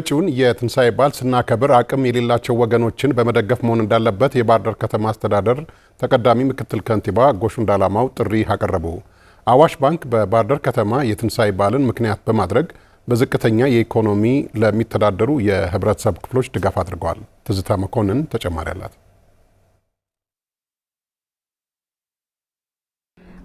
መጪውን የትንሣኤ በዓል ስናከብር አቅም የሌላቸው ወገኖችን በመደገፍ መሆን እንዳለበት የባርደር ዳር ከተማ አስተዳደር ተቀዳሚ ምክትል ከንቲባ ጎሹ እንዳላማው ጥሪ አቀረቡ። አዋሽ ባንክ በባርደር ዳር ከተማ የትንሣኤ በዓልን ምክንያት በማድረግ በዝቅተኛ የኢኮኖሚ ለሚተዳደሩ የህብረተሰብ ክፍሎች ድጋፍ አድርገዋል። ትዝታ መኮንን ተጨማሪ አላት።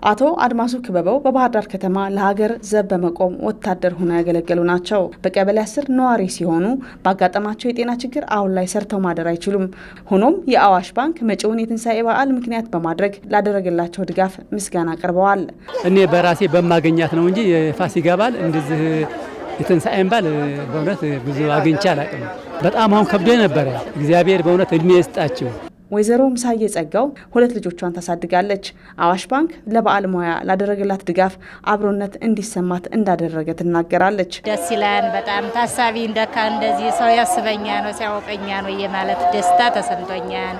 አቶ አድማሱ ክበበው በባህር ዳር ከተማ ለሀገር ዘብ በመቆም ወታደር ሆነው ያገለገሉ ናቸው። በቀበሌ አስር ነዋሪ ሲሆኑ ባጋጠማቸው የጤና ችግር አሁን ላይ ሰርተው ማደር አይችሉም። ሆኖም የአዋሽ ባንክ መጪውን የትንሣኤ በዓል ምክንያት በማድረግ ላደረገላቸው ድጋፍ ምስጋና አቅርበዋል። እኔ በራሴ በማገኛት ነው እንጂ የፋሲካ በዓል እንደዚህ የትንሣኤን በዓል በእውነት ብዙ አግኝቼ አላቅም። በጣም አሁን ከብዶ ነበረ። እግዚአብሔር በእውነት እድሜ ይስጣቸው። ወይዘሮ ምሳዬ ጸጋው ሁለት ልጆቿን ታሳድጋለች። አዋሽ ባንክ ለበዓል ሙያ ላደረገላት ድጋፍ አብሮነት እንዲሰማት እንዳደረገ ትናገራለች። ደስ ይላል በጣም ታሳቢ እንደካ እንደዚህ ሰው ያስበኛ ነው ሲያወቀኛ ነው የማለት ደስታ ተሰምቶኛል።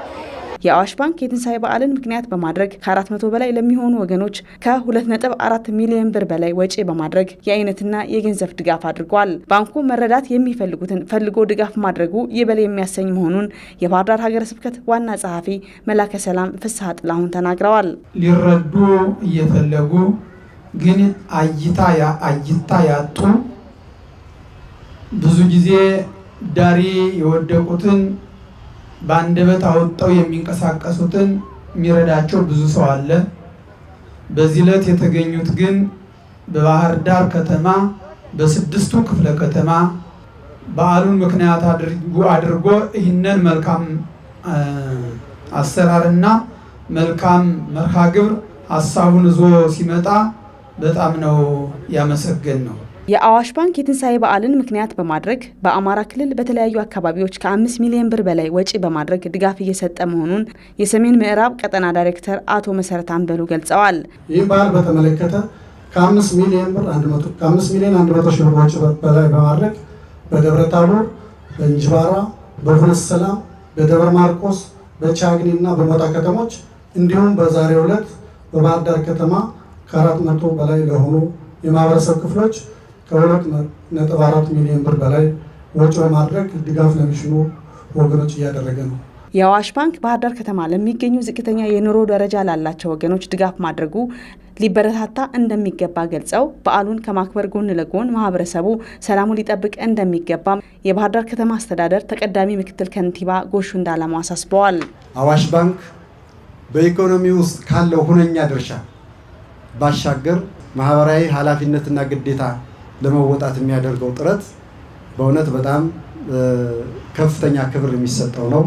የአዋሽ ባንክ የትንሳኤ በዓልን ምክንያት በማድረግ ከ400 በላይ ለሚሆኑ ወገኖች ከ2.4 ሚሊዮን ብር በላይ ወጪ በማድረግ የአይነትና የገንዘብ ድጋፍ አድርጓል። ባንኩ መረዳት የሚፈልጉትን ፈልጎ ድጋፍ ማድረጉ ይበል የሚያሰኝ መሆኑን የባህር ዳር ሀገረ ስብከት ዋና ጸሐፊ መላከ ሰላም ፍስሐ ጥላሁን ተናግረዋል። ሊረዱ እየፈለጉ ግን አይታ አይታ ያጡ ብዙ ጊዜ ዳሪ የወደቁትን በአንደበት አውጥተው የሚንቀሳቀሱትን የሚረዳቸው ብዙ ሰው አለ። በዚህ ዕለት የተገኙት ግን በባህር ዳር ከተማ በስድስቱ ክፍለ ከተማ በዓሉን ምክንያት አድርጎ ይህንን መልካም አሰራርና መልካም መርሃ ግብር ሀሳቡን ይዞ ሲመጣ በጣም ነው ያመሰገን ነው። የአዋሽ ባንክ የትንሣኤ በዓልን ምክንያት በማድረግ በአማራ ክልል በተለያዩ አካባቢዎች ከአምስት ሚሊዮን ብር በላይ ወጪ በማድረግ ድጋፍ እየሰጠ መሆኑን የሰሜን ምዕራብ ቀጠና ዳይሬክተር አቶ መሰረት አንበሉ ገልጸዋል። ይህ በዓል በተመለከተ ከአምስት ሚሊዮን ብር ከአምስት ሚሊዮን አንድ መቶ ሺህ ብር ወጪ በላይ በማድረግ በደብረ ታቦር፣ በእንጅባራ፣ በሁነት ሰላም፣ በደብረ ማርቆስ፣ በቻግኒ እና በሞጣ ከተሞች እንዲሁም በዛሬው ዕለት በባህር ዳር ከተማ ከአራት መቶ በላይ ለሆኑ የማህበረሰብ ክፍሎች ከሁለት ነጥብ አራት ሚሊዮን ብር በላይ ወጪ በማድረግ ድጋፍ ለሚሽኑ ወገኖች እያደረገ ነው። የአዋሽ ባንክ ባህር ዳር ከተማ ለሚገኙ ዝቅተኛ የኑሮ ደረጃ ላላቸው ወገኖች ድጋፍ ማድረጉ ሊበረታታ እንደሚገባ ገልጸው በዓሉን ከማክበር ጎን ለጎን ማህበረሰቡ ሰላሙን ሊጠብቅ እንደሚገባም የባህር ዳር ከተማ አስተዳደር ተቀዳሚ ምክትል ከንቲባ ጎሹ እንዳላማው አሳስበዋል። አዋሽ ባንክ በኢኮኖሚ ውስጥ ካለው ሁነኛ ድርሻ ባሻገር ማህበራዊ ኃላፊነትና ግዴታ ለመወጣት የሚያደርገው ጥረት በእውነት በጣም ከፍተኛ ክብር የሚሰጠው ነው።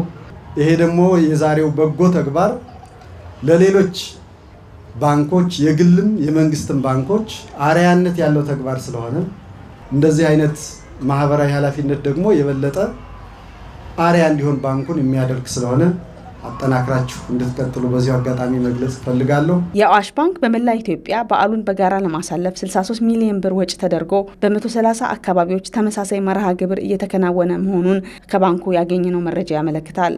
ይሄ ደግሞ የዛሬው በጎ ተግባር ለሌሎች ባንኮች የግልም የመንግስትም ባንኮች አርያነት ያለው ተግባር ስለሆነ እንደዚህ አይነት ማህበራዊ ኃላፊነት ደግሞ የበለጠ አርያ እንዲሆን ባንኩን የሚያደርግ ስለሆነ አጠናክራችሁ እንድትቀጥሉ በዚሁ አጋጣሚ መግለጽ እፈልጋለሁ። የአዋሽ ባንክ በመላ ኢትዮጵያ በዓሉን በጋራ ለማሳለፍ 63 ሚሊዮን ብር ወጪ ተደርጎ በ130 አካባቢዎች ተመሳሳይ መርሃ ግብር እየተከናወነ መሆኑን ከባንኩ ያገኘነው መረጃ ያመለክታል።